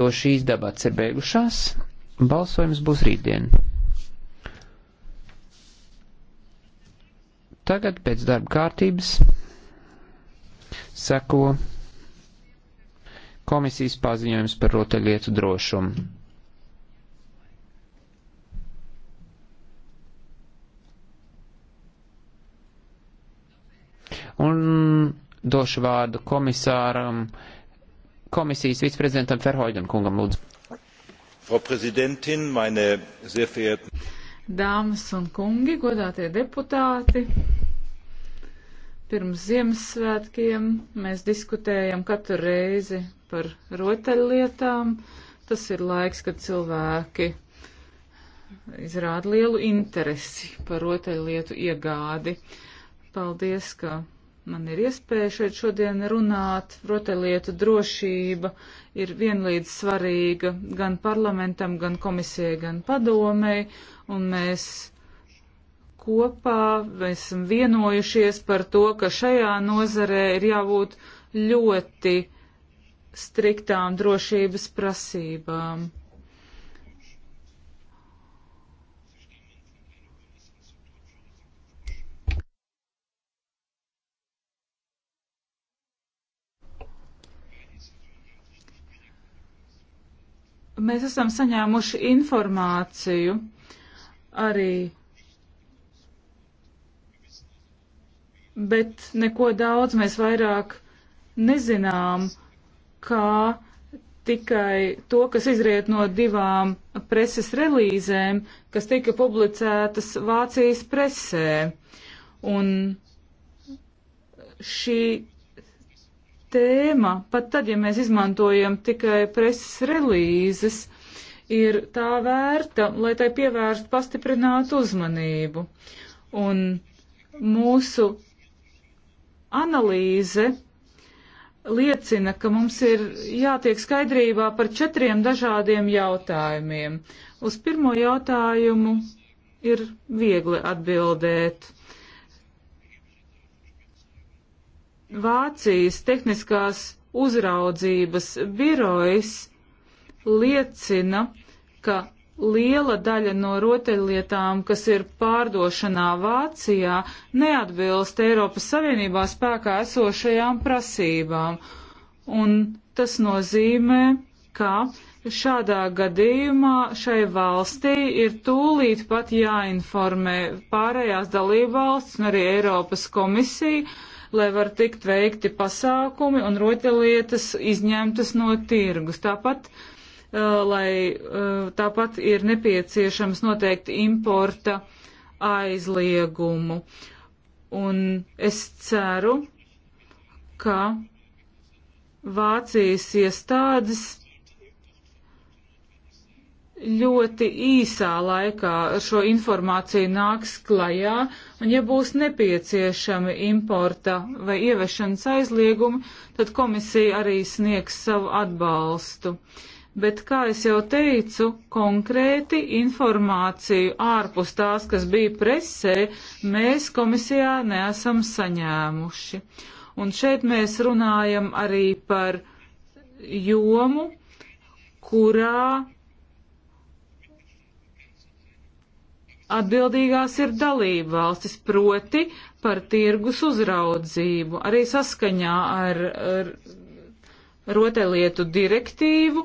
To šīs debats ir beigušās. Balsojums būs rītdien. Tagad pēc darba kārtības seko komisijas paziņojums par rotaļlietu drošumu. Un došu vārdu komisāram uh, komisijas viceprezidentam Ferhoidan kungam lūdzu. Frau Präsidentin, meine sehr verehrten. Dāmas un kungi, godātie deputāti, pirms Ziemassvētkiem mēs diskutējam katru reizi par rotaļlietām. Tas ir laiks, kad cilvēki izrāda lielu interesi par rotaļlietu iegādi. Paldies, ka man ir iespēja šeit šodien runāt. Rotaļlietu drošība ir vienlīdz svarīga gan parlamentam, gan komisijai, gan padomei, un mēs kopā mēs esam vienojušies par to, ka šajā nozarē ir jābūt ļoti striktām drošības prasībām. Mēs esam saņēmuši informāciju arī, bet neko daudz mēs vairāk nezinām, kā tikai to, kas izriet no divām preses relīzēm, kas tika publicētas Vācijas presē. Un šī tēma, pat tad, ja mēs izmantojam tikai preses relīzes, ir tā vērta, lai tai pievērstu pastiprinātu uzmanību. Un mūsu analīze liecina, ka mums ir jātiek skaidrībā par četriem dažādiem jautājumiem. Uz pirmo jautājumu ir viegli atbildēt. Vācijas tehniskās uzraudzības birojs liecina, ka liela daļa no rotaļlietām, kas ir pārdošanā Vācijā, neatbilst Eiropas Savienībā spēkā esošajām prasībām. Un tas nozīmē, ka šādā gadījumā šai valstī ir tūlīt pat jāinformē pārējās dalībvalsts un arī Eiropas komisija, lai var tikt veikti pasākumi un rotaļlietas izņemtas no tirgus. Tāpat, uh, lai, uh, tāpat ir nepieciešams noteikti importa aizliegumu. Un es ceru, ka Vācijas iestādes ļoti īsā laikā ar šo informāciju nāks klajā, un ja būs nepieciešami importa vai ievešanas aizliegumi, tad komisija arī sniegs savu atbalstu. Bet, kā es jau teicu, konkrēti informāciju ārpus tās, kas bija presē, mēs komisijā neesam saņēmuši. Un šeit mēs runājam arī par jomu, kurā Atbildīgās ir dalība valstis proti par tirgus uzraudzību, arī saskaņā ar, ar rotaļlietu direktīvu.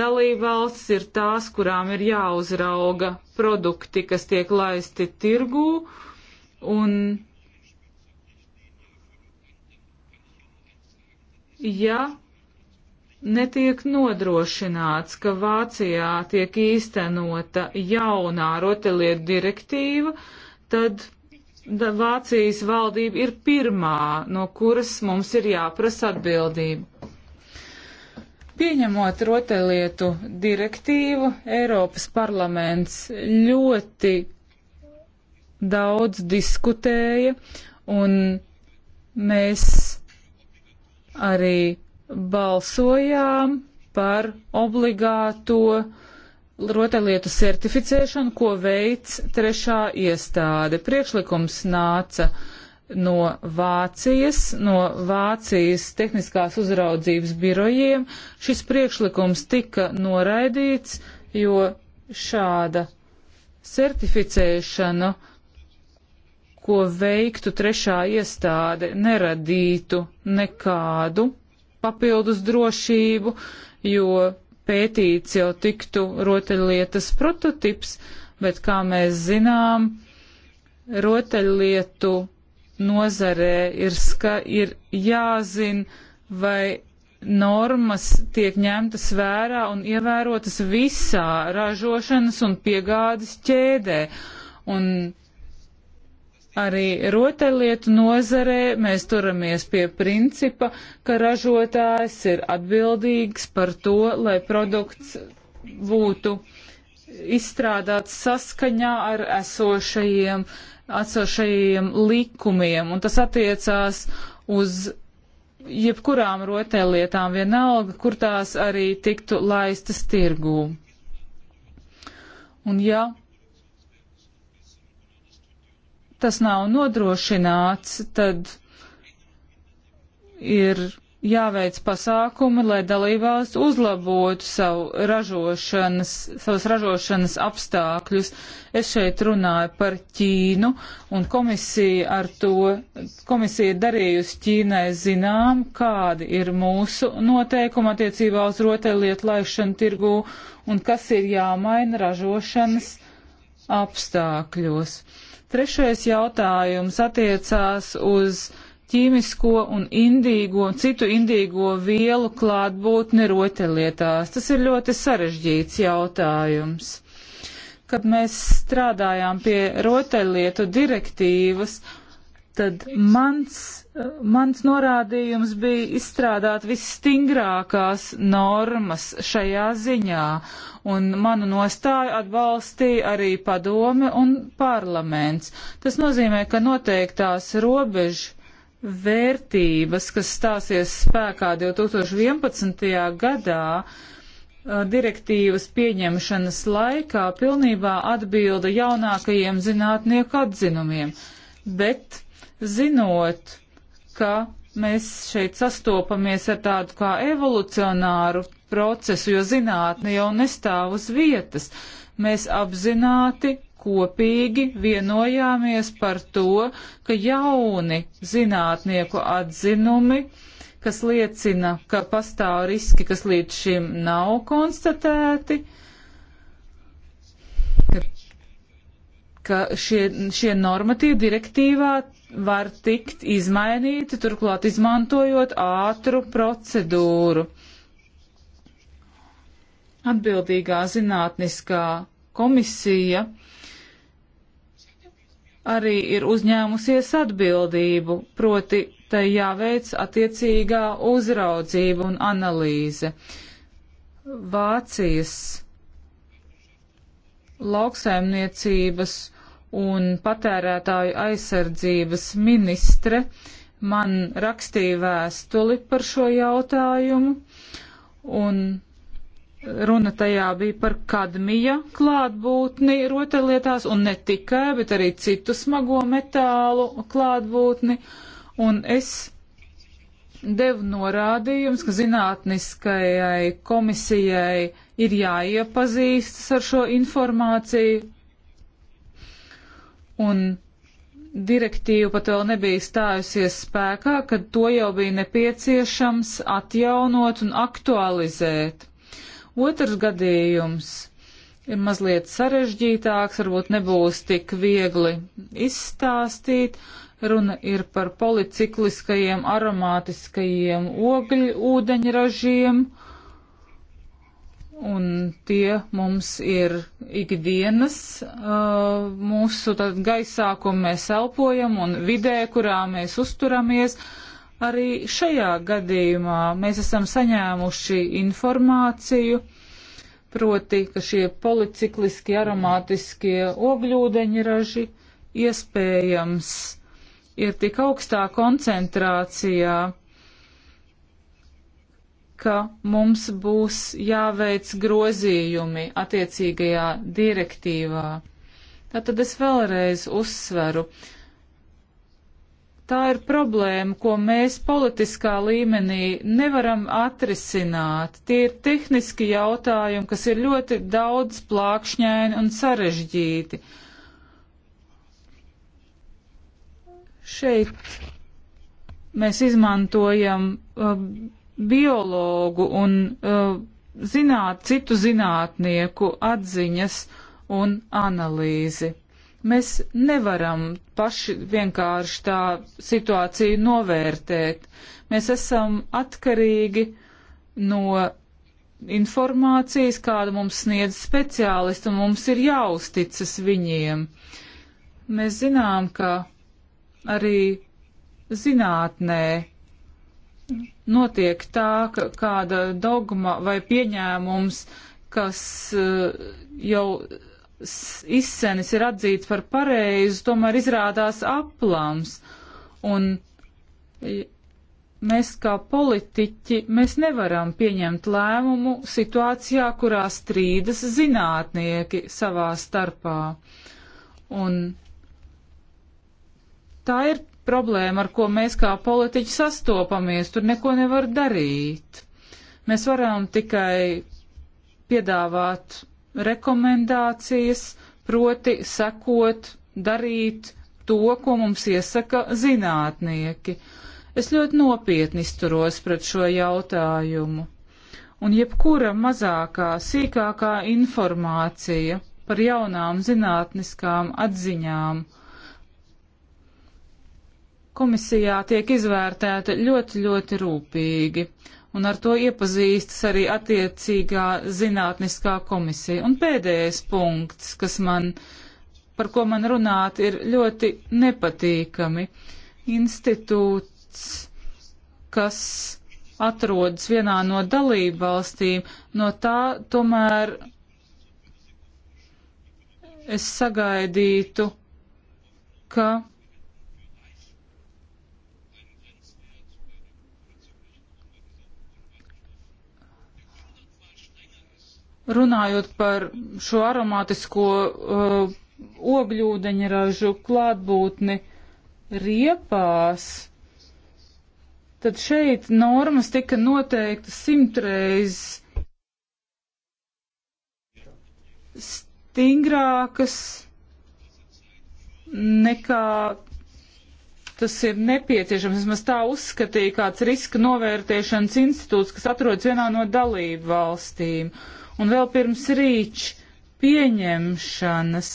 Dalība valsts ir tās, kurām ir jāuzrauga produkti, kas tiek laisti tirgū, un ja netiek nodrošināts, ka Vācijā tiek īstenota jaunā rotaļlietu direktīva, tad Vācijas valdība ir pirmā, no kuras mums ir jāprasa atbildība. Pieņemot rotaļlietu direktīvu, Eiropas parlaments ļoti daudz diskutēja, un mēs arī balsojām par obligāto rotaļlietu certificēšanu, ko veids trešā iestāde. Priekšlikums nāca no Vācijas, no Vācijas tehniskās uzraudzības birojiem. Šis priekšlikums tika noraidīts, jo šāda certificēšana, ko veiktu trešā iestāde, neradītu nekādu papildus drošību, jo pētīts jau tiktu rotaļlietas prototips, bet kā mēs zinām, rotaļlietu nozarē ir, ska, ir jāzina, vai normas tiek ņemtas vērā un ievērotas visā ražošanas un piegādes ķēdē. Un Arī rotaļlietu nozarē mēs turamies pie principa, ka ražotājs ir atbildīgs par to, lai produkts būtu izstrādāts saskaņā ar esošajiem, esošajiem likumiem, un tas attiecās uz jebkurām rotaļlietām vienalga, kur tās arī tiktu laistas tirgū. Un ja tas nav nodrošināts, tad ir jāveic pasākumi, lai dalībvalsts uzlabotu savu ražošanas, savus ražošanas apstākļus. Es šeit runāju par Ķīnu, un komisija ar to, komisija darījusi Ķīnai zinām, kādi ir mūsu noteikumi attiecībā uz rotaļlietu laišanu tirgū, un kas ir jāmaina ražošanas apstākļos. Trešais jautājums attiecās uz ķīmisko un indīgo, citu indīgo vielu klātbūtni rotaļlietās. Tas ir ļoti sarežģīts jautājums. Kad mēs strādājām pie rotaļlietu direktīvas, tad mans, mans norādījums bija izstrādāt visstingrākās normas šajā ziņā, un manu nostāju atbalstīja arī padome un parlaments. Tas nozīmē, ka noteiktās robežu vērtības, kas stāsies spēkā 2011. gadā, eh, direktīvas pieņemšanas laikā pilnībā atbilda jaunākajiem zinātnieku atzinumiem, bet zinot, ka mēs šeit sastopamies ar tādu kā evolucionāru procesu, jo zinātne jau nestāv uz vietas. Mēs apzināti kopīgi vienojāmies par to, ka jauni zinātnieku atzinumi, kas liecina, ka pastāv riski, kas līdz šim nav konstatēti, uh, ka šie, šie normatīvi direktīvā var tikt izmainīti, turklāt izmantojot ātru procedūru. Atbildīgā zinātniskā komisija arī ir uzņēmusies atbildību, proti tai jāveic attiecīgā uzraudzība un analīze. Vācijas lauksaimniecības un patērētāju aizsardzības ministre man rakstīja vēstuli par šo jautājumu, un runa tajā bija par kadmija klātbūtni rotaļlietās, un ne tikai, bet arī citu smago metālu klātbūtni, un es devu norādījums, ka zinātniskajai komisijai ir jāiepazīstas ar šo informāciju, un direktīva pat vēl nebija stājusies spēkā, kad to jau bija nepieciešams atjaunot un aktualizēt. Otrs gadījums ir mazliet sarežģītāks, varbūt nebūs tik viegli izstāstīt. Runa ir par policikliskajiem aromātiskajiem ogļu ūdeņražiem. Uh, un tie mums ir ikdienas uh, mūsu gaisā, ko mēs elpojam, un vidē, kurā mēs uzturamies. Arī šajā gadījumā mēs esam saņēmuši informāciju, proti, ka šie policikliski aromātiskie ogļūdeņraži iespējams ir tik augstā koncentrācijā, ka mums būs jāveic grozījumi attiecīgajā direktīvā. Tātad es vēlreiz uzsveru. Tā ir problēma, ko mēs politiskā līmenī nevaram atrisināt. Tie ir tehniski jautājumi, kas ir ļoti daudz plākšņaini un sarežģīti. Šeit mēs izmantojam uh, biologu un uh, zināt, citu zinātnieku atziņas un analīzi. Mēs nevaram paši vienkārši tā situāciju novērtēt. Mēs esam atkarīgi no informācijas, kādu mums sniedz speciālisti, un mums ir jāuzticas viņiem. Mēs zinām, ka arī zinātnē notiek tā, ka kāda dogma vai pieņēmums, kas eh, jau izsenis ir atzīts par pareizu, tomēr izrādās aplams. Un e, mēs kā politiķi, mēs nevaram pieņemt lēmumu situācijā, kurā strīdas zinātnieki savā starpā. Un tā ir problēma, ar ko mēs kā politiķi sastopamies. Tur neko nevar darīt. Mēs varam tikai piedāvāt rekomendācijas, proti sekot, darīt to, ko mums iesaka zinātnieki. Es ļoti nopietni izturos pret šo jautājumu. Un jebkura mazākā, sīkākā informācija par jaunām zinātniskām atziņām komisijā tiek izvērtēta ļoti, ļoti rūpīgi, un ar to iepazīstas arī attiecīgā zinātniskā komisija. Un pēdējais punkts, kas man, par ko man runāt, ir ļoti nepatīkami. Institūts, kas atrodas vienā no dalību valstīm, no tā tomēr es sagaidītu, ka runājot par šo aromātisko uh, ogļūdeņražu klātbūtni riepās, tad šeit normas tika noteikta simtreiz stingrākas nekā tas ir nepieciešams. Vismaz tā uzskatīja kāds riska novērtēšanas institūts, kas atrodas vienā no dalību valstīm. Uh, un vēl pirms rīč pieņemšanas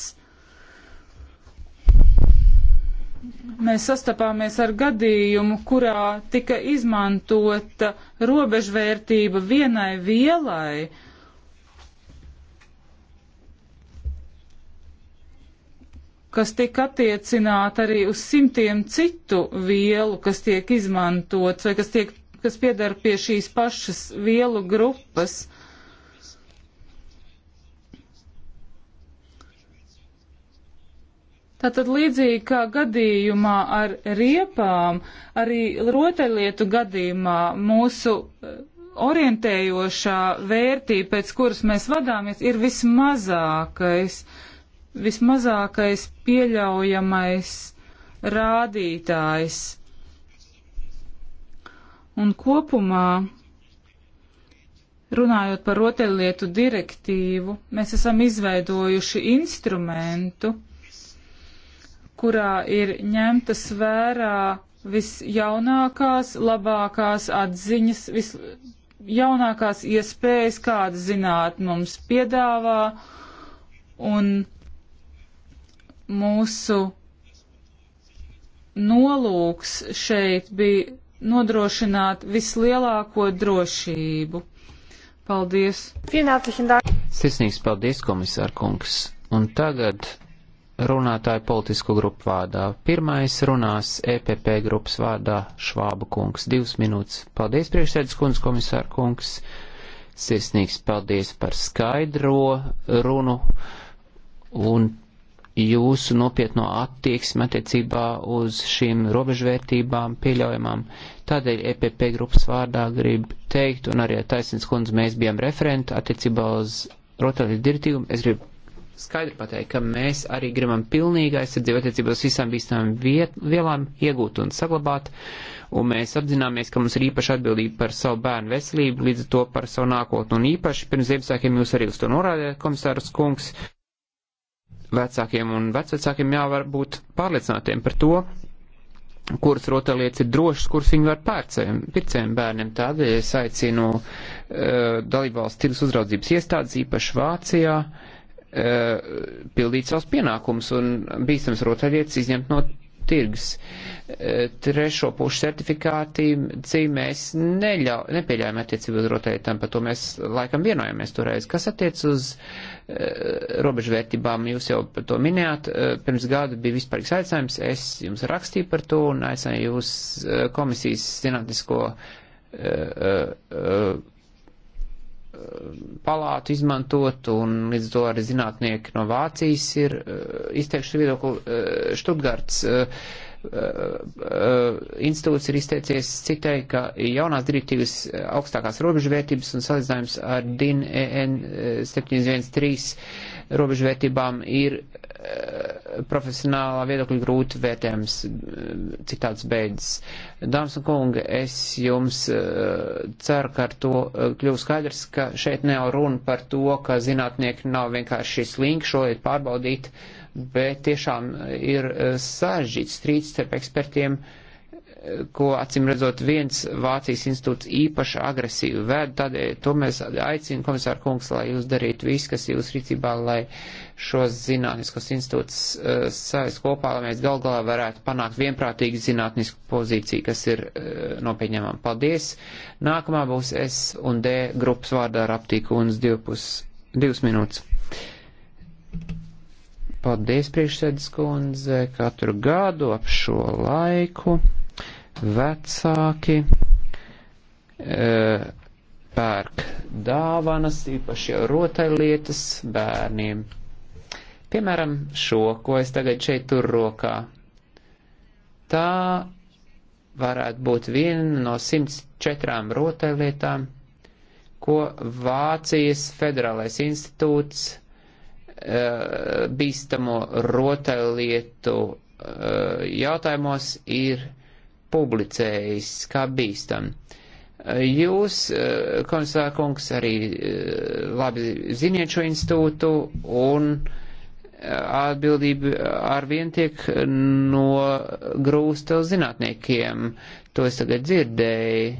mēs sastapāmies ar gadījumu, kurā tika izmantota robežvērtība vienai vielai. kas tika attiecināta arī uz simtiem citu vielu, kas tiek izmantots vai kas, tiek, kas piedara pie šīs pašas vielu grupas. Uh, Tātad līdzīgi kā gadījumā ar riepām, arī rotaļlietu gadījumā mūsu e, orientējošā vērtība, pēc kuras mēs vadāmies, ir vismazākais, vismazākais pieļaujamais rādītājs. Un kopumā Runājot par rotaļlietu direktīvu, mēs esam izveidojuši instrumentu, kurā ir ņemtas vērā visjaunākās, labākās atziņas, visjaunākās iespējas, kādas zinātne mums piedāvā, un mūsu nolūks šeit bija nodrošināt vislielāko drošību. Paldies! Sirsnīgs paldies, komisārkungs! Un tagad runātāju politisku grupu vārdā. Pirmais runās EPP grupas vārdā Švāba kungs. Divas minūtes. Paldies, priekšsēdus kundz, komisāra kungs. Sirsnīgs paldies par skaidro runu un jūsu nopietno attieksmi attiecībā uz šīm robežvērtībām pieļaujamām. Tādēļ EPP grupas vārdā grib teikt, un arī taisnīgs kundze mēs bijām referenti attiecībā uz rotaļu direktīvu. Es gribu skaidri pateikt, ka mēs arī gribam pilnīgi aizsardzību attiecībās visām bīstamām vielām iegūt un saglabāt, un mēs apzināmies, ka mums ir īpaša atbildība par savu bērnu veselību, līdz to par savu nākotnu, un īpaši pirms Ziemassvētkiem jūs arī uz to norādījāt, komisārs Kungs, vecākiem un vecvecākiem jāvar būt pārliecinātiem par to, kuras rotaļlietas ir drošas, kuras viņi var pērcējiem, pircējiem bērniem. Tādēļ es aicinu uh, dalībvalsts tirgus uzraudzības iestādes, īpaši Vācijā, uh, Eh, pildīt savus pienākumus un bīstams rotaļietas izņemt no tirgus. Eh, trešo pušu certifikāti cīmēs neļau, nepieļaujam attiecību uz rotaļietām, par to mēs laikam vienojamies toreiz. Kas attiec uz uh, robežvērtībām, jūs jau par to minējāt, uh, pirms gada bija vispārīgs aicinājums, es jums rakstīju par to un aicināju jūs uh, komisijas zinātnisko uh, uh, palātu izmantot, un līdz to arī zinātnieki no Vācijas ir eh, izteikuši viedokli. Štutgards eh, eh, institūts ir izteicies citai, ka jaunās direktīvas augstākās robežvērtības un salīdzinājums ar DIN EN 713 robežvērtībām ir Eh, profesionālā viedokļa grūti vērtējams, eh, cik tāds beidzas. Dāmas un kungi, es jums eh, ceru, ka ar to kļūs skaidrs, ka šeit nav runa par to, ka zinātnieki nav vienkārši slinki šodien pārbaudīt, bet tiešām ir sažģīts strīds starp ekspertiem. Uh, ko acīm redzot viens Vācijas institūts īpaši agresīvi ved, tad eh, to mēs aicinu komisāru kungs, lai jūs darītu visu, kas jūs rīcībā, lai šos zinātniskos institūtus uh, eh, savas kopā, lai mēs gal galā varētu panākt vienprātīgu zinātnisku pozīciju, kas ir uh, eh, nopieņemama. Paldies! Nākamā būs S un D grupas vārdā ar aptīku un divpus, divas minūtes. Paldies, priekšsēdis kundze, katru gadu ap šo laiku. Vecāki e, pērk dāvanas, īpaši jau rotaļlietas bērniem. Piemēram, šo, ko es tagad šeit tur rokā. Tā varētu būt viena no 104 rotaļlietām, ko Vācijas federālais institūts e, bīstamo rotaļlietu e, jautājumos ir publicējis kā bīstam. Jūs, eh, komisārkungs, arī eh, labi ziniet šo institūtu un eh, atbildība arvien tiek nogrūsta uz zinātniekiem. To es tagad dzirdēju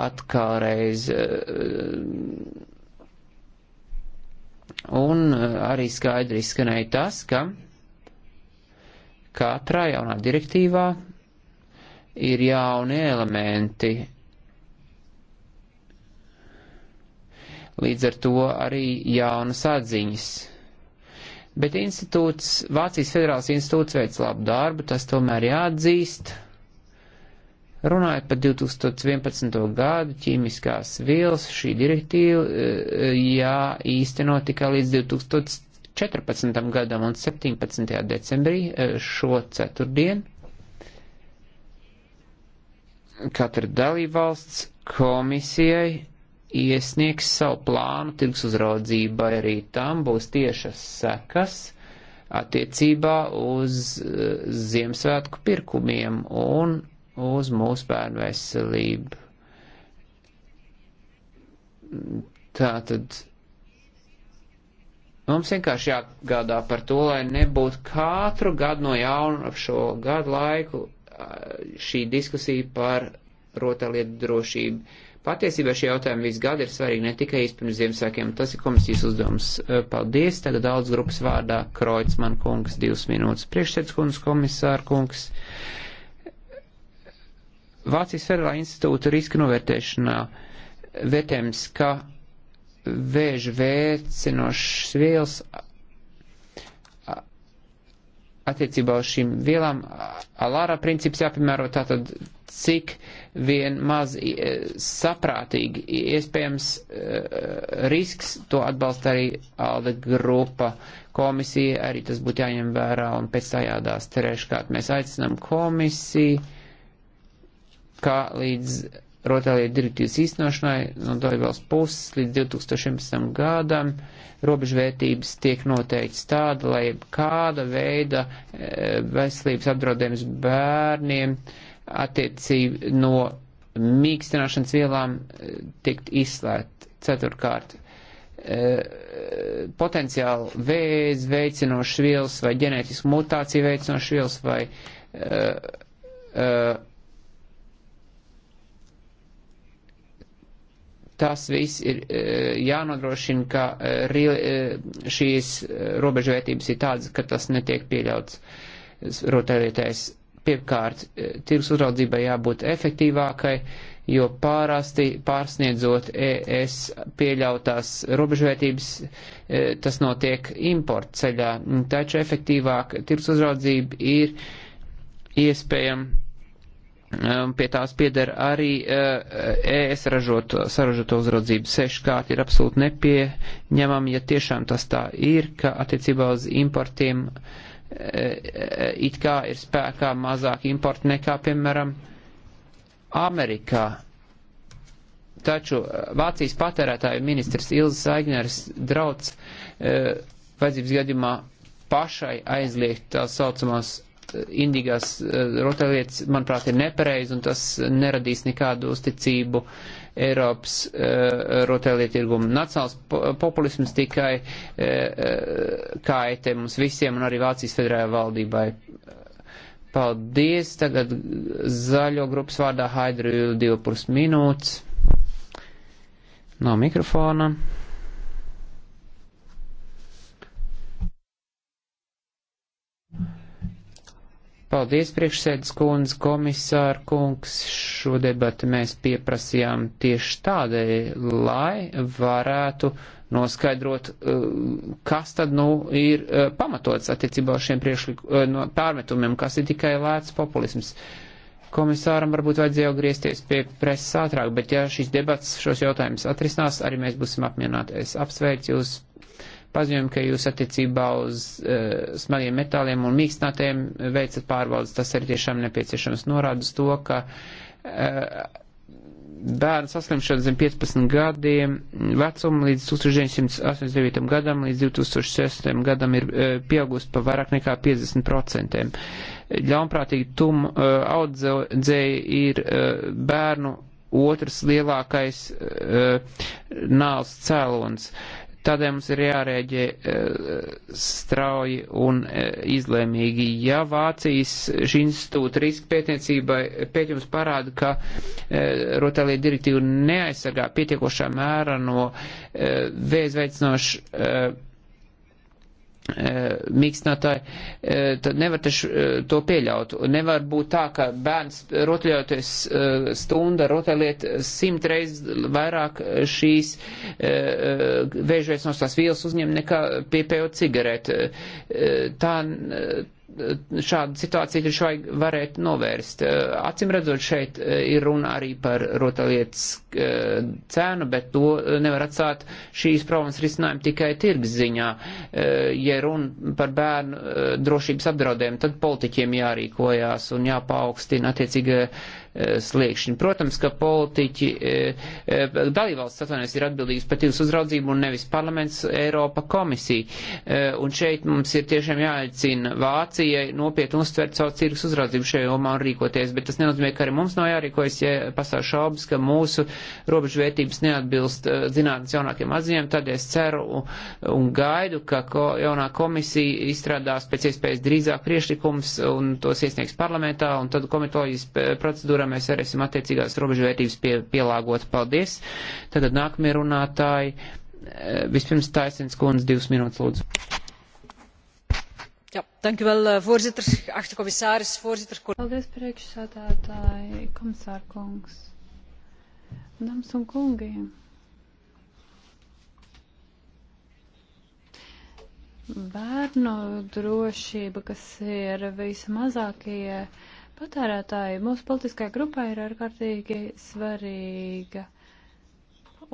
atkārreiz. Un arī skaidri izskanēja tas, ka katrā jaunā direktīvā ir jauni elementi. Līdz ar to arī jaunas atziņas. Bet institūts, Vācijas federāls institūts veic labu darbu, tas tomēr jāatzīst. Runājot par 2011. gadu ķīmiskās vielas, šī direktīva eh, jāīsteno tikai līdz 2014. gadam un 17. decembrī eh, šo ceturtdienu katra dalībvalsts komisijai iesniegs savu plānu tirgus uzraudzībai, arī tam būs tiešas sekas attiecībā uz eh, Ziemassvētku pirkumiem un uz mūsu bērnu veselību. Tātad mums vienkārši jāgādā par to, lai nebūtu katru gadu no jauna ap šo gadu laiku Uh, šī diskusija par rotaļlietu drošību. Patiesībā šie jautājumi visu gadu ir svarīgi ne tikai pirms Ziemassvētkiem. Tas ir komisijas uzdevums. Uh, paldies. Tagad daudz grupas vārdā Kreutzmann kungs, divas minūtes. Priekšsēdz kungs, komisāra kungs. Vācijas Federālā institūta riska novērtēšanā vērtējums, ka vēža vēcinošas vielas attiecībā uz šīm vielām alārā princips jāpiemēro tātad, cik vien maz e, saprātīgi iespējams e, risks, to atbalsta arī ALDE grupa komisija, arī tas būtu jāņem vērā un pēc tā jādās terēškārt. Mēs aicinām komisiju, kā līdz rotālajai direktīvas īstenošanai no dalībvalsts puses līdz 2011. gadam robežvērtības tiek noteikts tāda, lai kāda veida eh, veselības apdraudējums bērniem attiecību no mīkstināšanas vielām eh, tikt izslēgt. Ceturkārt, eh, potenciāli vēzi veicinošas vielas vai ģenētisku mutāciju veicinošas vielas vai uh, uh, Tas viss ir e, jānodrošina, ka e, e, šīs robežvērtības ir tādas, ka tas netiek pieļauts rotaļlietēs. Pirmkārt, tirgus uzraudzībai jābūt efektīvākai, jo pārasti pārsniedzot ES pieļautās robežvērtības, tas notiek importa ceļā. Taču efektīvāk tirgus uzraudzība ir iespējama Um, pie tās pieder arī uh, ES saražoto uzraudzību seškārt ir absolūti nepieņemam, ja tiešām tas tā ir, ka attiecībā uz importiem uh, uh, it kā ir spēkā mazāk importi nekā, piemēram, Amerikā. Taču Vācijas patērētāju ministrs Ilzas Aigneris drauds vajadzības gadījumā pašai aizliegt tā saucamās indīgās e, rotaļlietas, manuprāt, ir nepareizi un tas neradīs nekādu uzticību Eiropas e, rotaļlietu tirgumu. Nacionāls populisms tikai e, kaitē mums visiem un arī Vācijas federālajai valdībai. Paldies, tagad zaļo grupas vārdā Haidru 2,5 minūtes no mikrofona. Paldies, priekšsēdus kundze, komisāra kungs. Šo debatu mēs pieprasījām tieši tādēļ, lai varētu noskaidrot, eh, kas tad nu ir eh, pamatots attiecībā uz šiem priekšlikumiem, eh, pārmetumiem, kas ir tikai lēts populisms komisāram varbūt vajadzēja griezties pie preses ātrāk, bet ja šīs debats šos jautājumus atrisinās, arī mēs būsim apmierināti. Es apsveicu jūs paziņojumu, ka jūs attiecībā uz uh, eh, smagiem metāliem un mīkstinātiem veicat pārbaudas. Tas ir tiešām nepieciešams norādes to, ka uh, bērnu saslimšana zem 15 gadiem vecuma līdz 1989. gadam līdz 2006. gadam ir eh, pieaugusi pa vairāk nekā 50%. Ļaunprātīgi tum audzēji ir bērnu otrs lielākais nāls cēlons. Tādēļ mums ir jārēģē eh, strauji un eh, izlēmīgi. Ja Vācijas šī institūta riska pētniecībai pētījums parāda, ka eh, rotālī direktīva neaizsargā pietiekošā mērā no vēzveicinošu Eh, mīkstinātāji, eh, tad nevar taču eh, to pieļaut. Nevar būt tā, ka bērns rotaļoties stunda, rotaļiet simt reizes vairāk šīs vēžvēs no tās vielas uzņem nekā piepējot cigareti. Tā, šāda situācija taču vajag varētu novērst. Eh, acim redzot, šeit eh, ir runa arī par rotalietas eh, cēnu, bet to nevar atstāt šīs problēmas risinājumu tikai tirgs ziņā. Ja runa par bērnu drošības apdraudējumu, tad politiķiem jārīkojās un jāpaukstina attiecīgi sliekšņi. Protams, ka politiķi, e, e, dalībvalsts atvainojas, ir atbildīgs par tirgus uzraudzību un nevis parlaments Eiropa komisija. E, un šeit mums ir tiešām jāaicina Vācijai nopietni uztvert savu tirgus uzraudzību šajā jomā un rīkoties, bet tas nenozīmē, ka arī mums nav jārīkojas, ja pastāv šaubas, ka mūsu robežvērtības neatbilst zinātnes jaunākiem atziņām. Tad es ceru un gaidu, ka ko, jaunā komisija izstrādās pēc iespējas drīzāk priešlikums un tos iesniegs parlamentā un tad komitoloģijas procedūrā kurā mēs varēsim attiecīgās robežvērtības pie, pielāgot. Paldies! Tagad nākamie runātāji. Eh, vispirms Taisins Kundze, divas minūtes lūdzu. Ja, dankjewel, eh, voorzitter, geachte commissaris, voorzitter. Paldies, priekšsādātāji, komisārkungs. Dāmas un kungi. Bērnu drošība, kas ir vismazākie. Ja Patērētāji mūsu politiskajai grupai ir ārkārtīgi svarīga.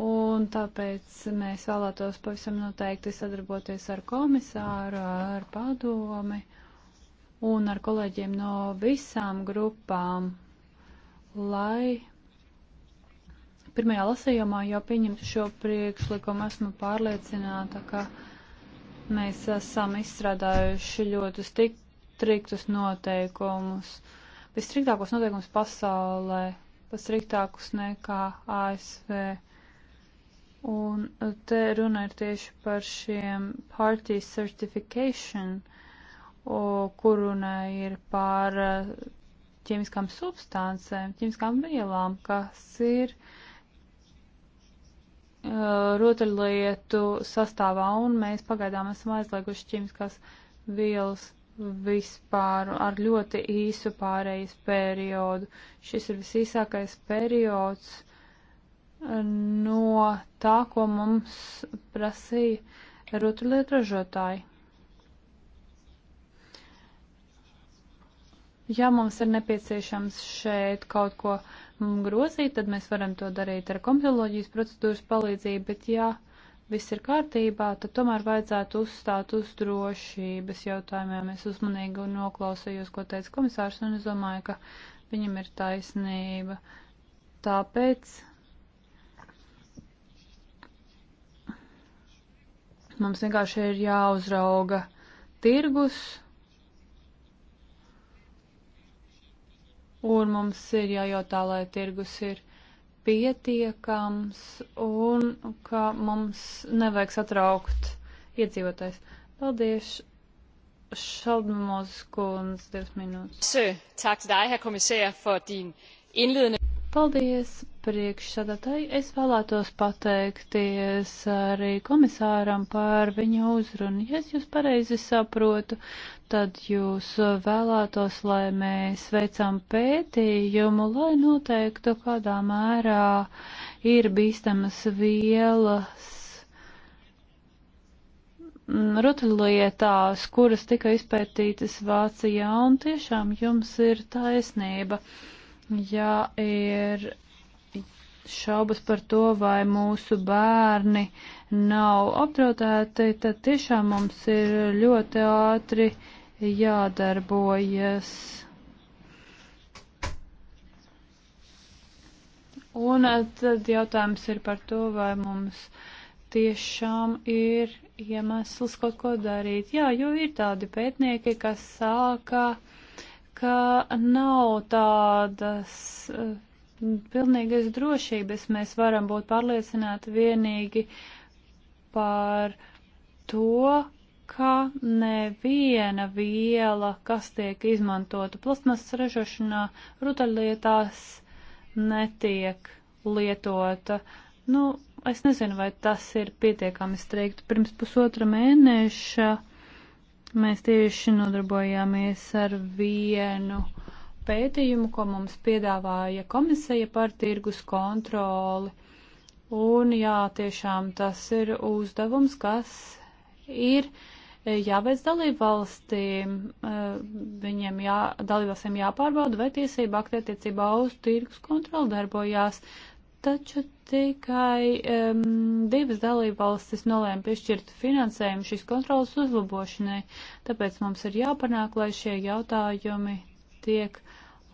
Un tāpēc mēs vēlētos pavisam noteikti sadarboties ar komisāru, ar padomi un ar kolēģiem no visām grupām, lai pirmajā lasījumā jau pieņemtu šo priekšlikumu. Esmu pārliecināta, ka mēs esam izstrādājuši ļoti striktus noteikumus visstriktākos noteikumus pasaulē, pat striktākus nekā ASV. Un uh, te runa ir tieši par šiem party certification, kur runa ir par uh, ķemiskām substancēm, ķemiskām vielām, kas ir uh, rotaļlietu sastāvā, un mēs pagaidām esam aizlieguši ķemiskās vielas vispār ar ļoti īsu pārejas periodu. Šis ir visīsākais periods eh, no tā, ko mums prasīja rotuļlietu ražotāji. Ja mums ir nepieciešams šeit kaut ko mm, grozīt, tad mēs varam to darīt ar kompioloģijas procedūras palīdzību, bet jā. Ja viss ir kārtībā, tad tomēr vajadzētu uzstāt uz drošības jautājumiem. Es uzmanīgi noklausījos, ko teica komisārs, un es domāju, ka viņam ir taisnība. Tāpēc mums vienkārši ir jāuzrauga tirgus, un mums ir jājautā, lai tirgus ir pietiekams un ka mums nevajag satraukt iedzīvotājs. Paldies! Schaldemose, kun 5 minutter. Tak til dig, herr kommissær, for din indledende Paldies priekšsadatai. Es vēlētos pateikties arī komisāram par viņa uzrunu. Ja es jūs pareizi saprotu, tad jūs vēlētos, lai mēs veicam pētījumu, lai noteiktu, kādā mērā ir bīstamas vielas mm, rotaļlietās, kuras tika izpētītas Vācijā, un tiešām jums ir taisnība. Uh, ja ir šaubas par to, vai mūsu bērni nav apdraudēti, tad tiešām mums ir ļoti ātri jādarbojas. Un tad jautājums ir par to, vai mums tiešām ir iemesls ja kaut ko darīt. Jā, jo ir tādi pētnieki, kas sākā. Uh, ka nav tādas eh, pilnīgas drošības. Mēs varam būt pārliecināti vienīgi par to, ka neviena viela, kas tiek izmantota plasmasas ražošanā, rotaļlietās netiek lietota. Nu, es nezinu, vai tas ir pietiekami strikti. Pirms pusotra mēneša uh, Mēs tieši nodarbojāmies ar vienu pētījumu, ko mums piedāvāja komisija par tirgus kontroli. Un jā, tiešām tas ir uzdevums, kas ir jāveic dalībvalstīm. Eh, viņiem jā, dalībvalstīm jāpārbauda, vai tiesība akti attiecībā uz tirgus kontroli darbojās taču tikai um, divas dalībvalstis nolēma piešķirt finansējumu šīs kontrolas uzlabošanai, tāpēc mums ir jāpanāk, lai šie jautājumi tiek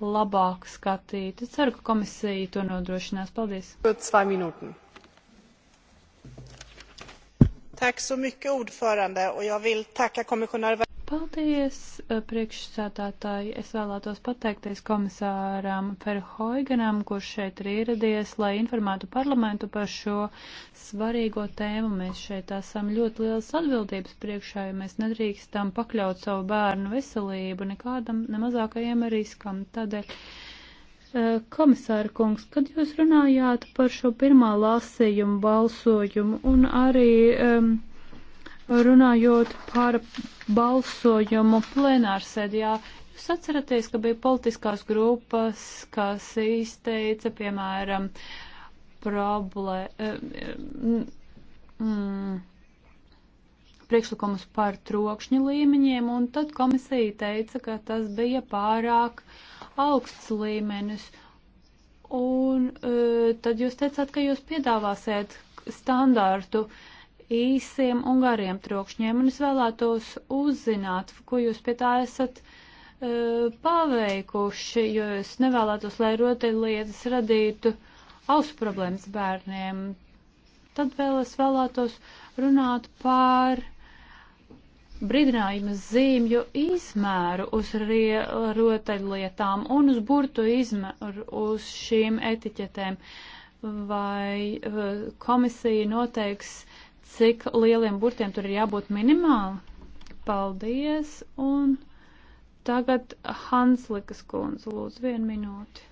labāk skatīti. Es ceru, ka komisija to nodrošinās. Paldies! Tack så mycket ordförande och jag vill tacka kommissionär Paldies, priekšsētātāji. Es vēlētos pateikties komisāram Ferhoiganam, kurš šeit ir ieradies, lai informētu parlamentu par šo svarīgo tēmu. Mēs šeit esam ļoti liels atbildības priekšā, jo ja mēs nedrīkstam pakļaut savu bērnu veselību nekādam nemazākajiem riskam. Tādēļ. Komisāra kungs, kad jūs runājāt par šo pirmā lasījumu balsojumu un arī um, runājot par balsojumu plenārsēdjā, jūs atceraties, ka bija politiskās grupas, kas izteica, piemēram, problē, eh, mm, mm, priekšlikumus par trokšņa līmeņiem, un tad komisija teica, ka tas bija pārāk augsts līmenis. Un e, tad jūs teicāt, ka jūs piedāvāsiet standārtu uh, īsiem un gariem trokšņiem, un es vēlētos uzzināt, ko jūs pie tā esat uh, paveikuši, jo es nevēlētos, lai rotaļlietas radītu ausu problēmas bērniem. Tad vēl es vēlētos runāt par brīdinājuma zīmju izmēru uz rotaļlietām un uz burtu izmēru uz šīm etiķetēm. Vai e, komisija noteiks cik lieliem burtiem tur ir jābūt minimāli. Paldies, un tagad Hanslikas kundze, lūdzu, vienu minūti.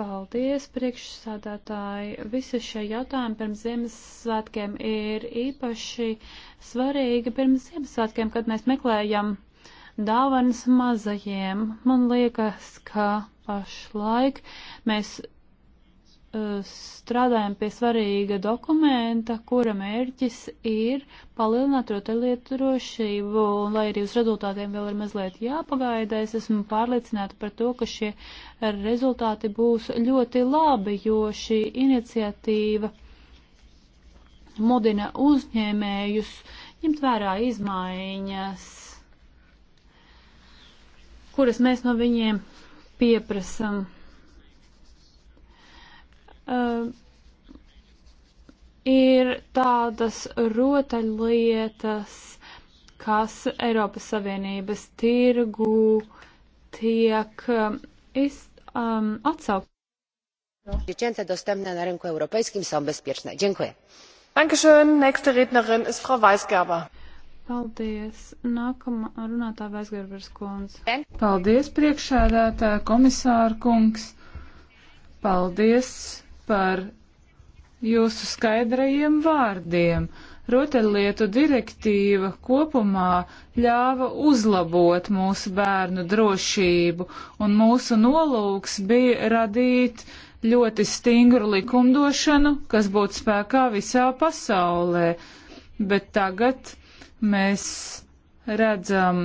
Paldies, priekšsādātāji. Visi šie jautājumi pirms Ziemassvētkiem ir īpaši svarīgi pirms Ziemassvētkiem, kad mēs meklējam dāvanas mazajiem. Man liekas, ka pašlaik mēs Eh, strādājam pie svarīga dokumenta, kura mērķis ir palielināt rotaļlietu drošību, un lai arī uz rezultātiem vēl ir mazliet jāpagaida, es esmu pārliecināta par to, ka šie rezultāti būs ļoti labi, jo šī iniciatīva mudina uzņēmējus ņemt vērā izmaiņas, kuras mēs no viņiem pieprasam uh, ir tādas rotaļlietas, kas Eiropas Savienības tirgu tiek um, iz, um, atsaukt. Dziecięce dostępne na rynku europejskim są bezpieczne. Dziękuję. Dankeschön. Nächste Rednerin ist Frau Weisgerber. Paldies. Nākamā runātā Vēsgarbers kundze. Paldies, priekšsēdētā komisāra kungs. Paldies par jūsu skaidrajiem vārdiem. Rotaļlietu direktīva kopumā ļāva uzlabot mūsu bērnu drošību, un mūsu nolūks bija radīt ļoti stingru likumdošanu, kas būtu spēkā visā pasaulē. Bet tagad mēs redzam,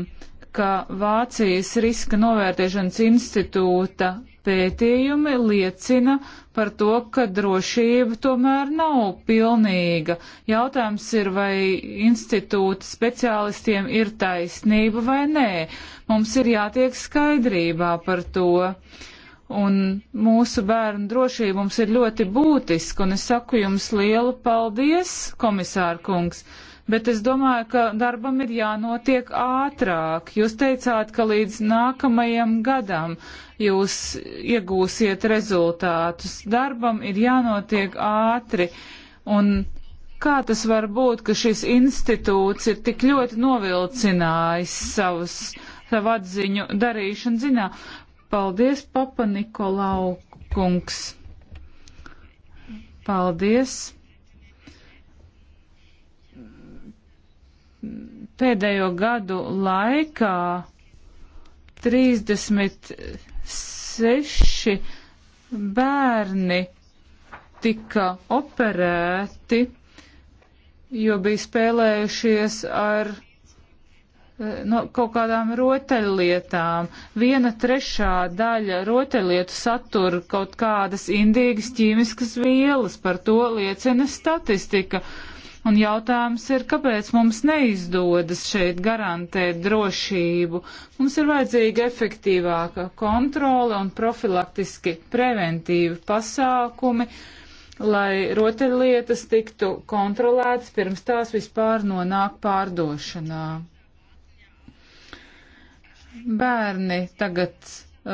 ka Vācijas riska novērtēšanas institūta pētījumi liecina par to, ka drošība tomēr nav pilnīga. Jautājums ir, vai institūta speciālistiem ir taisnība vai nē. Mums ir jātiek skaidrībā par to. Uh, un mūsu bērnu drošība mums ir ļoti būtiska, un es saku jums lielu paldies, komisāra kungs, bet es domāju, ka darbam ir jānotiek ātrāk. Jūs teicāt, ka līdz nākamajam gadam jūs iegūsiet rezultātus. Darbam ir jānotiek ātri, un kā tas var būt, ka šis institūts ir tik ļoti novilcinājis savus savu atziņu darīšanu zinā. Paldies, Papa Nikolau kungs. Paldies. Pēdējo gadu laikā 36 bērni tika operēti, jo bija spēlējušies ar Eh, no kaut kādām rotaļlietām. Viena trešā daļa rotaļlietu satura kaut kādas indīgas ķīmiskas vielas, par to liecina statistika. Un jautājums ir, kāpēc mums neizdodas šeit garantēt drošību? Mums ir vajadzīga efektīvāka kontrole un profilaktiski preventīvi pasākumi, lai rotaļlietas tiktu kontrolētas pirms tās vispār nonāk pārdošanā bērni tagad uh,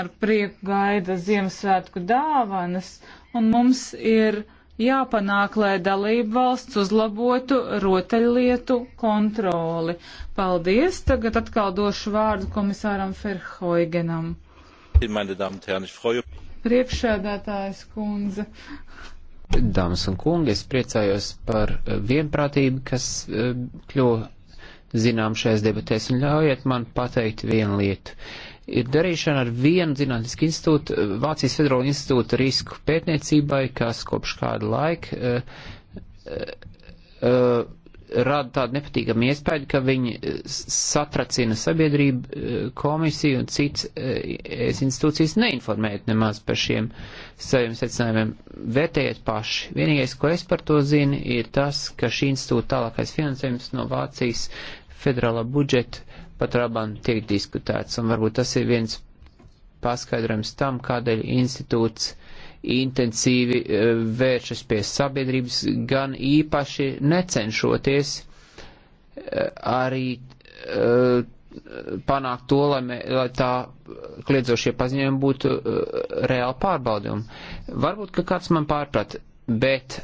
ar prieku gaida Ziemassvētku dāvanas, un mums ir jāpanāk, lai dalība valsts uzlabotu rotaļlietu kontroli. Paldies! Tagad atkal došu vārdu komisāram Ferhoigenam. Priekšsēdētājs kundze. Dāmas un kungi, es priecājos par vienprātību, kas eh, kļuva zinām šajās debatēs. Un ļaujiet man pateikt vienu lietu. Ir darīšana ar vienu zinātnisku institūtu, Vācijas Federālo institūtu risku pētniecībai, kas kopš kāda laika uh, uh, uh, rada tādu nepatīkamu iespēju, ka viņi eh, satracina sabiedrību komisiju un cits es institūcijas neinformēt nemaz par šiem saviem secinājumiem. Vērtējiet paši. Vienīgais, ko es par to zinu, ir tas, ka šī institūta tālākais finansējums no Vācijas federālā budžeta pat labam tiek diskutēts, un varbūt tas ir viens paskaidrojums tam, kādēļ institūts intensīvi e, vēršas pie sabiedrības, gan īpaši necenšoties e, arī e, panākt to, lai, mē, lai tā kliedzošie paziņojumi būtu reāli pārbaudījumi. Varbūt, ka kāds man pārprat, bet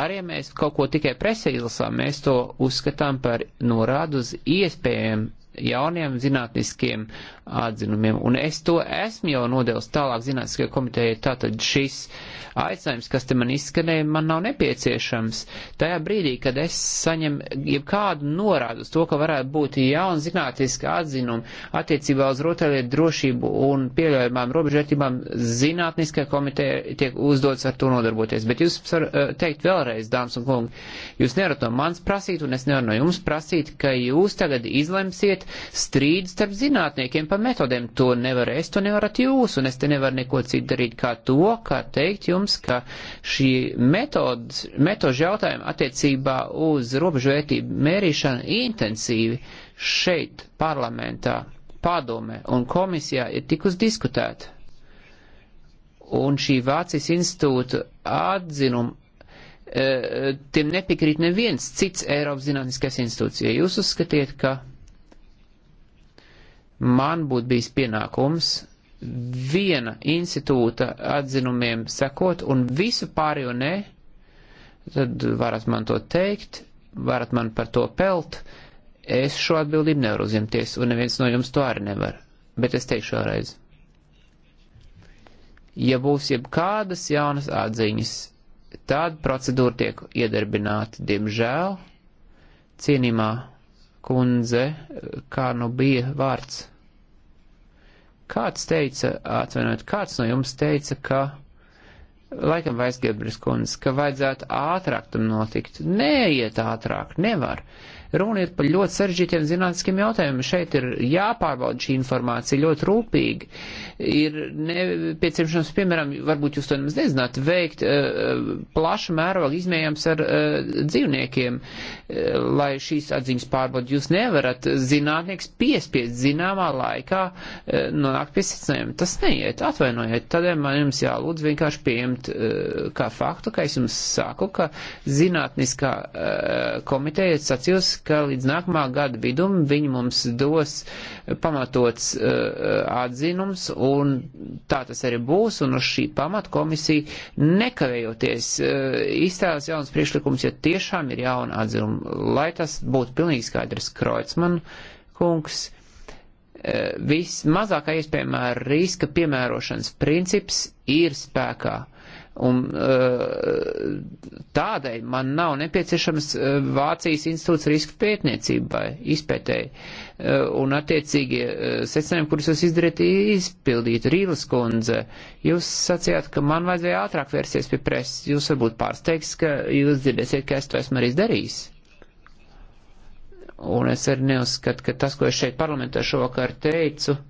Arī mēs kaut ko tikai presē izlasām, mēs to uzskatām par norādu uz iespējām jauniem zinātniskiem atzinumiem. Un es to esmu jau nodevis tālāk zinātniskajai komitejai, tātad šis aicinājums, kas te man izskanēja, man nav nepieciešams. Tajā brīdī, kad es saņemu jebkādu norādu uz to, ka varētu būt jauna zinātniska atzinuma attiecībā uz rotaļlietu drošību un pieļaujamām robežvērtībām, zinātniskajai komitejai tiek uzdots ar to nodarboties. Bet jūs eh, teikt vēlreiz, dāmas un kungi, jūs nevarat no mans prasīt un es nevaru no jums prasīt, ka jūs tagad izlemsiet, bet strīds starp zinātniekiem par metodēm. To nevar es, to nevarat jūs, un es te nevaru neko citu darīt kā to, kā teikt jums, ka šī metodas, metožu jautājuma attiecībā uz robežvērtību mērīšana intensīvi šeit parlamentā, padome un komisijā ir tikus diskutēta. Un šī Vācijas institūta atzinuma eh, tiem nepiekrīt neviens cits Eiropas Zinātniskais institūts. Ja jūs uzskatiet, ka man būtu bijis pienākums viena institūta atzinumiem sekot un visu pārējo nē, tad varat man to teikt, varat man par to pelt, es šo atbildību nevaru uzņemties, un neviens no jums to arī nevar. Bet es teikšu vēlreiz. Ja būs jebkādas jaunas atziņas, tad procedūra tiek iedarbināta, diemžēl, cienījumā kundze, kā nu bija vārds. Kāds teica, atvainojiet, kāds no jums teica, ka, laikam Vaisgebris kundze, ka vajadzētu ātrāk tam notikt. Neiet ātrāk, nevar. Uh, Runa ir par ļoti sarežģītiem zinātniskiem jautājumiem. Šeit ir jāpārbauda šī informācija ļoti rūpīgi. Ir nepieciešams, piemēram, varbūt jūs to nemaz nezināt, veikt uh, eh, plašu mērogu izmējams ar uh, dzīvniekiem, uh, lai šīs atziņas pārbaudītu. Jūs nevarat zinātnieks piespiest zināmā laikā uh, nonākt pie secinājuma. Tas neiet, atvainojiet. Tādēļ man jums jālūdz vienkārši pieņemt uh, kā faktu, ka es jums saku, ka zinātniskā uh, komiteja sacījusi, ka līdz nākamā gada vidum viņi mums dos pamatots uh, uh, atzinums, un tā tas arī būs, un uz šī pamata komisija nekavējoties uh, izstrādās jauns priekšlikums, ja tiešām ir jauna atzinuma, lai tas būtu pilnīgi skaidrs. Kreutzmann kungs uh, vismazākā iespējamā riska piemērošanas princips ir spēkā. Un eh, tādēļ man nav nepieciešams eh, Vācijas institūts riska pētniecībai, izpētēji. Eh, un attiecīgie secinājumi, kurus jūs izdarīt, izpildīt. Rīles kundze, jūs sacījāt, ka man vajadzēja ātrāk vērsties pie preses. Jūs varbūt pārsteigts, ka jūs dzirdēsiet, ka es to esmu arī darījis. Un es arī neuzskatu, ka tas, ko es šeit parlamentā šovakar teicu, uh,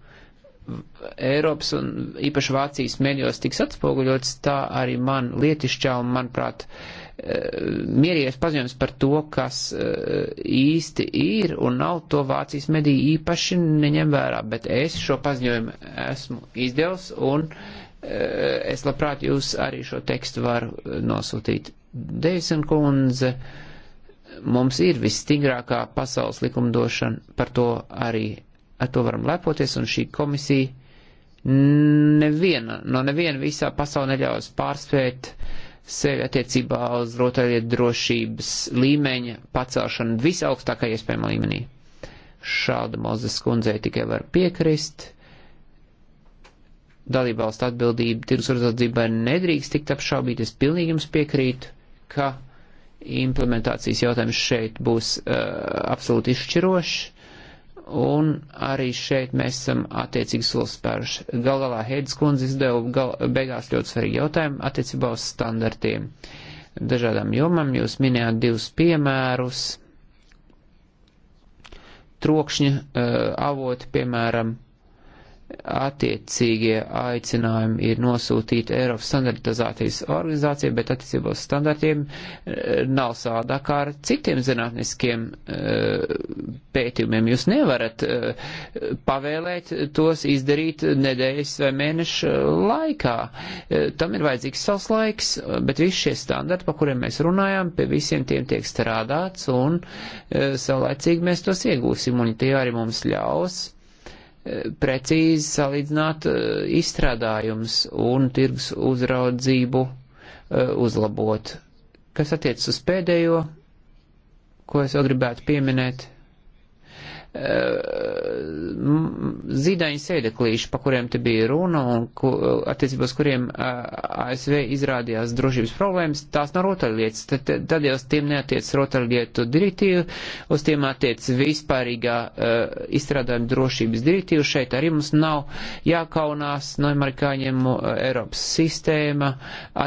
Eiropas un īpaši Vācijas mēļos tiks atspoguļots, tā arī man lietišķā un, manuprāt, eh, mierīgais paziņojums par to, kas eh, īsti ir un nav to Vācijas mediju īpaši neņem vērā, bet es šo paziņojumu esmu izdevis un eh, es labprāt jūs arī šo tekstu varu nosūtīt. Deisen kundze, mums ir visstingrākā pasaules likumdošana, par to arī ar to varam lepoties, un šī komisija neviena, no neviena visā pasaulē neļaus pārspēt sevi attiecībā uz rotaļiet drošības līmeņa pacelšanu visaugstākā iespējamā līmenī. Šāda Mozes kundzei tikai var piekrist. Dalībvalstu atbildība tirgus uzraudzībai nedrīkst tikt apšaubīt, es pilnīgi jums piekrītu, ka implementācijas jautājums šeit būs uh, absolūti izšķirošs un arī šeit mēs esam attiecīgi solis spēruši. Gal galā Heidas kundze izdeva gal, beigās ļoti svarīgi jautājumu attiecībā uz standartiem. Dažādām jomām jūs minējāt divus piemērus. Trokšņa uh, avoti, piemēram, attiecīgie aicinājumi ir nosūtīti Eiropas standartizācijas organizācijai, bet attiecībā uz standartiem eh, nav sādā kā ar citiem zinātniskiem eh, pētījumiem. Jūs nevarat eh, pavēlēt tos izdarīt nedēļas vai mēnešu laikā. Tam ir vajadzīgs savs laiks, bet visi šie standarti, pa kuriem mēs runājām, pie visiem tiem tiek strādāts un saulēcīgi mēs tos iegūsim. Un tie arī mums ļaus precīzi salīdzināt e, izstrādājums un tirgus uzraudzību e, uzlabot. Kas attiecas uz pēdējo, ko es vēl gribētu pieminēt, Eh, zīdaiņu sēdeklīši, pa kuriem te bija runa un ku, attiecībā uz kuriem eh, ASV izrādījās drošības problēmas, tās nav rotaļlietas. Tad, tad jau uz tiem neatiec rotaļlietu direktīva, uz tiem attiec vispārīgā uh, izstrādājuma drošības direktīva. Šeit arī mums nav jākaunās no amerikāņiem uh, Eiropas sistēma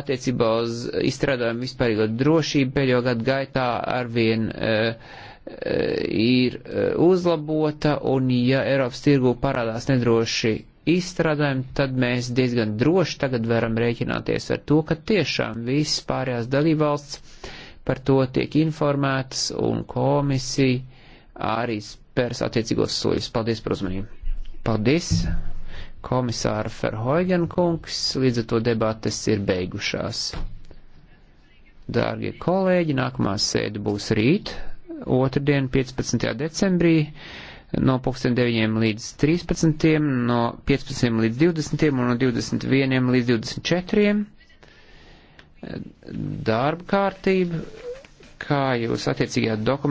attiecībā uz izstrādājumu vispārīgo drošību pēdējo gadu gaitā arvien. Uh, Eh, ir eh, uzlabota, un ja Eiropas tirgu parādās nedroši izstrādājumi, tad mēs diezgan droši tagad varam rēķināties ar to, ka tiešām viss pārējās dalībvalsts par to tiek informētas, un komisija arī spērs attiecīgos soļus. Paldies par uzmanību. Paldies, komisāra Ferhoigen kungs, līdz ar to debates ir beigušās. Dārgie kolēģi, nākamā sēde būs rīt otrdien 15. decembrī no 9 līdz 13, no 15 līdz 20 un no 21 līdz 24. Darba kārtība, kā jūs attiecīgajā dokumentā.